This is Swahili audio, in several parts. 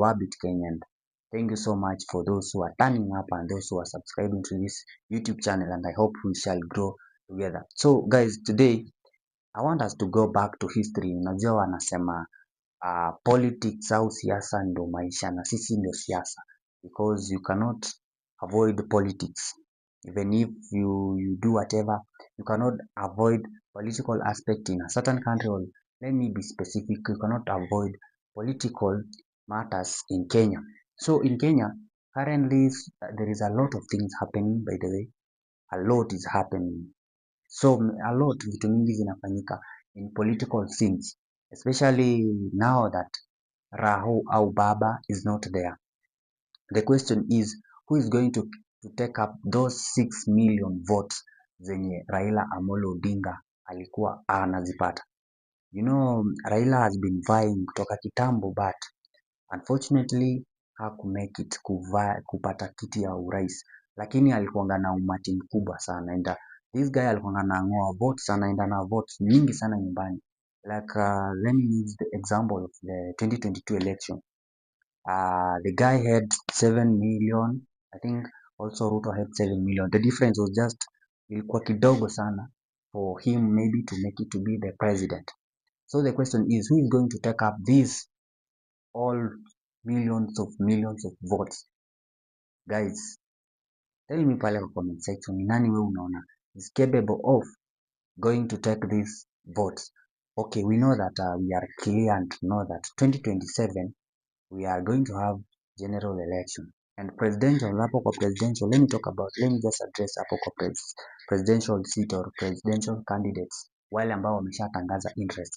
Wabit Kenyan. Thank you so much for those who are turning up and those who are subscribing to this YouTube channel and I hope we shall grow together. So guys, today I want us to go back to history. Unajua wanasema uh, politics au siasa ndio maisha na sisi ndio siasa because you cannot avoid politics even if you, you do whatever you cannot avoid political aspect in a certain country or let me be specific you cannot avoid political matters in Kenya. So in Kenya, currently there is a lot of things happening by the way, a lot is happening. So a lot vitu mingi zinafanyika in political scenes especially now that Raho au Baba is not there. The question is who is going to, to take up those 6 million votes zenye Raila Amolo Odinga alikuwa anazipata. You know, Raila has been vying kutoka kitambo but Unfortunately hakumake it kupata kiti ya urais lakini alikuanga na umati mkubwa sana enda uh, this guy na ng'oa votes sana enda na votes nyingi sana nyumbani like uh, let me use the example of the 2022 election uh, the guy had 7 million i think also ruto had 7 million the difference was just ilikuwa kidogo sana for him maybe to make it to be the president so the question is who is going to take up this all millions of millions of votes. Guys, tell me pale kwa comment section ni nani wewe unaona is capable of going to take this votes. Okay, we know that uh, we are clear and know that 2027 we are going to have general election and presidential hapo kwa presidential let me talk about let me just address hapo kwa pres, presidential seat or presidential candidates wale ambao wameshatangaza interest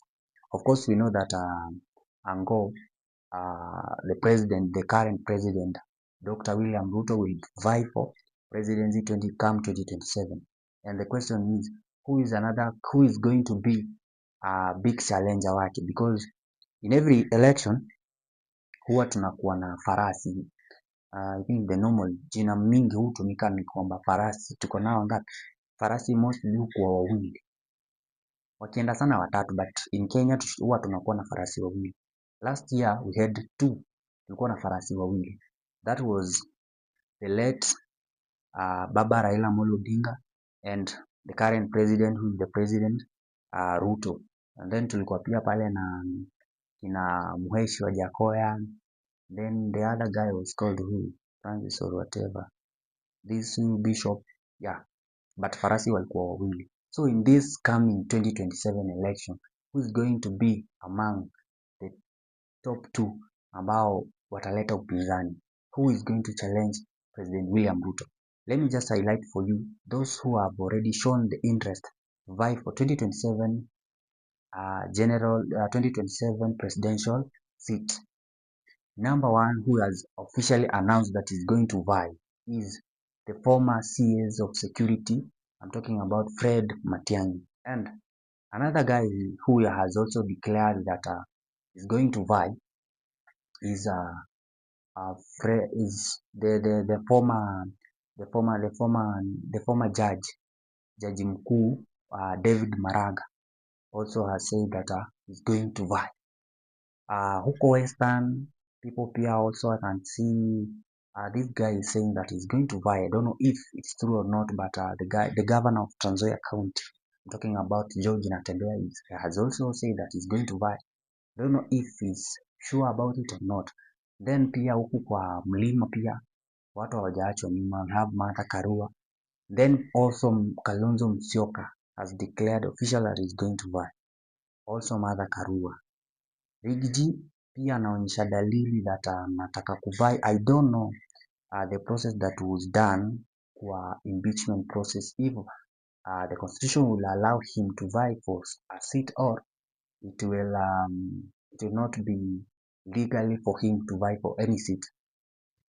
of course we know that uh, ango uh, the president, the current president Dr. William Ruto will vie for presidency 20 come 2027. And the question is who is another who is going to be a uh, big challenger wake because in every election huwa tunakuwa na farasi. Uh, I think the normal jina mingi hutumika ni kwamba farasi tuko nao ngapi? Farasi mostly hukuwa wawili wakienda sana watatu, but in Kenya huwa tunakuwa na farasi wawili. Last year we had two. Tulikuwa na farasi wawili. That was the late uh, Baba Raila Amolo Odinga and the current president who is the president uh, Ruto. And then tulikuwa pia pale na kina muheshi wa Jakoya. Then the other guy was called who? Francis or whatever. This bishop. Yeah. But farasi walikuwa wawili. So in this coming 2027 election, who is going to be among top two ambao wataleta upinzani who is going to challenge President William Ruto. Let me just highlight for you those who have already shown the interest vie for 2027 uh, general uh, 2027 presidential seat. Number one who has officially announced that is going to vie is the former CS e of security. I'm talking about Fred Matiang'i. And another guy who has also declared that uh, is going to buy is a, uh, uh, fre- is the, the, the former the former the former the former judge jaji mkuu uh, David Maraga also has said that uh, he's going to buy uh, huko Western people pia also i can see uh, this guy is saying that he's going to buy. I don't know if it's true or not, but uh, the guy, the governor of Trans County, I'm talking about George Natembeya, has also said that he's going to buy don't know if he's sure about it or not. Then pia huku kwa mlima pia watu hawajaachwa nyuma, have mata Karua. Then also Kalonzo Musyoka has declared official that he's going to buy. Also Martha Karua. Riggy pia anaonyesha dalili that uh, anataka kubai. I don't know uh, the process that was done kwa impeachment process if uh, the constitution will allow him to buy for a seat or it will um, it will not be legally for him to vie for any seat.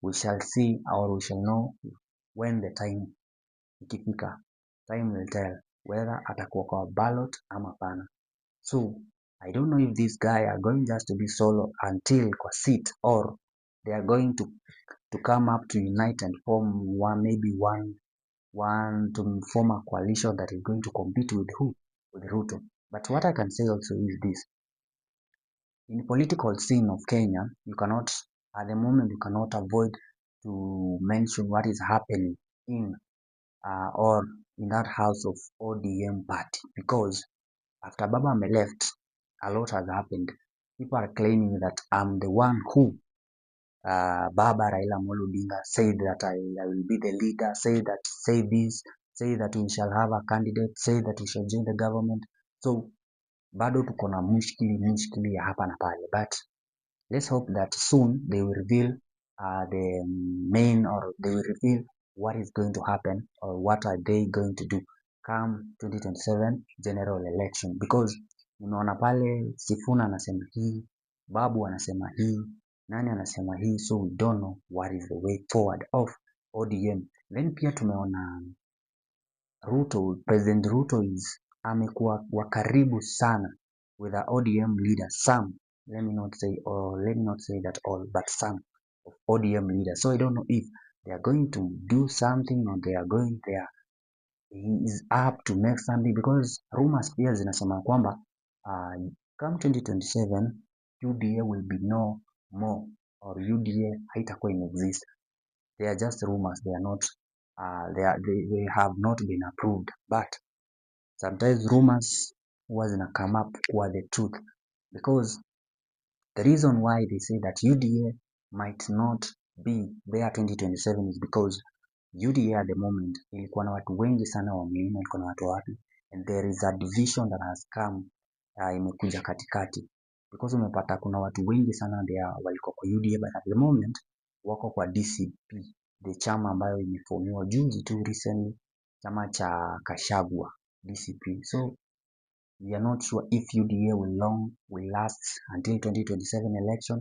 We shall see or we shall know when the time ikifika. Time will tell whether atakuwa kwa ballot ama pana. So I don't know if this guy are going just to be solo until kwa seat or they are going to to come up to unite and form one maybe one one to form a coalition that is going to compete with who with Ruto. But what I can say also is this. In political scene of Kenya, you cannot, at the moment, you cannot avoid to mention what is happening in uh, or in that house of ODM party because after Baba Ame left, a lot has happened. People are claiming that I'm the one who uh, Baba Raila Amolo Odinga said that I, I will be the leader, say that, say this, say that we shall have a candidate, say that we shall join the government. So bado tuko na mushkili mushkili ya hapa na pale but let's hope that soon they will reveal uh, the main or they will reveal what is going to happen or what are they going to do come 2027 general election because unaona pale Sifuna anasema hii, Babu anasema hii, nani anasema hii, so we don't know what is the way forward of ODM. Then pia tumeona Ruto, President Ruto is amekuwa wa karibu sana with the ODM leader, some, let me not say or let me not say that all, but some of ODM leaders. So I don't know if they are going to do something or they are going there is up to make something because rumors pia zinasema kwamba uh, come 2027 UDA will be no more or UDA haitakuwa exist They are just rumors, they are not uh, they, are, they, they have not been approved but sometimes rumors huwa zina come up kuwa the truth because the reason why they say that UDA might not be there 2027 is because UDA at the moment ilikuwa na watu wengi sana wa mlima, ilikuwa na watu wapi, and there is a division that has come uh, imekuja katikati because umepata kuna watu wengi sana ndio walikuwa kwa UDA but at the moment wako kwa DCP, the chama ambayo imeformiwa juzi tu recently, chama cha Kashagwa DCP. So we are not sure if UDA will long will last until 2027 election.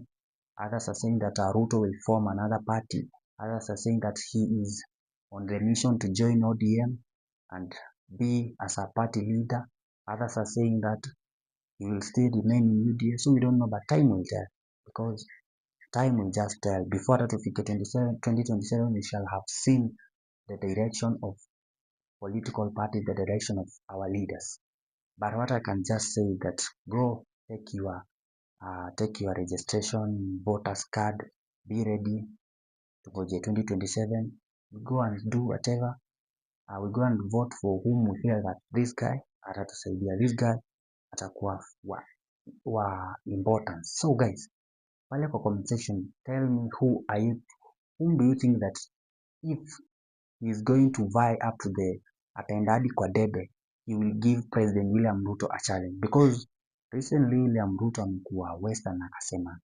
Others are saying that Ruto will form another party. Others are saying that he is on the mission to join ODM and be as a party leader. Others are saying that he will still remain in UDA. So we don't know, but time will tell because time will just tell. Before that, if we get 2027, we shall have seen the direction of political party the direction of our leaders. But what I can just say that go take your uh, take your registration voters card, be ready to go 2027. We go and do whatever. Uh, we go and vote for whom we feel that this guy atatusaidia, this guy atakuwa wa, wa importance. So guys, pale kwa comment section, tell me who are you, whom do you think that if He is going to vie up to the ataenda hadi kwa debe. He will give President William Ruto a challenge because recently William Ruto amekuwa western akasema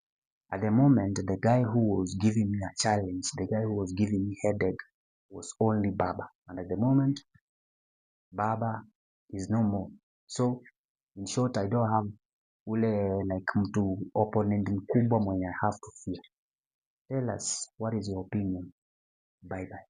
at the moment the guy who was giving me a challenge, the guy who was giving me headache was only Baba and at the moment Baba is no more. So in short I don't have ule like mtu opponent mkubwa mwenye I have to fear. Tell us what is your opinion. Bye bye.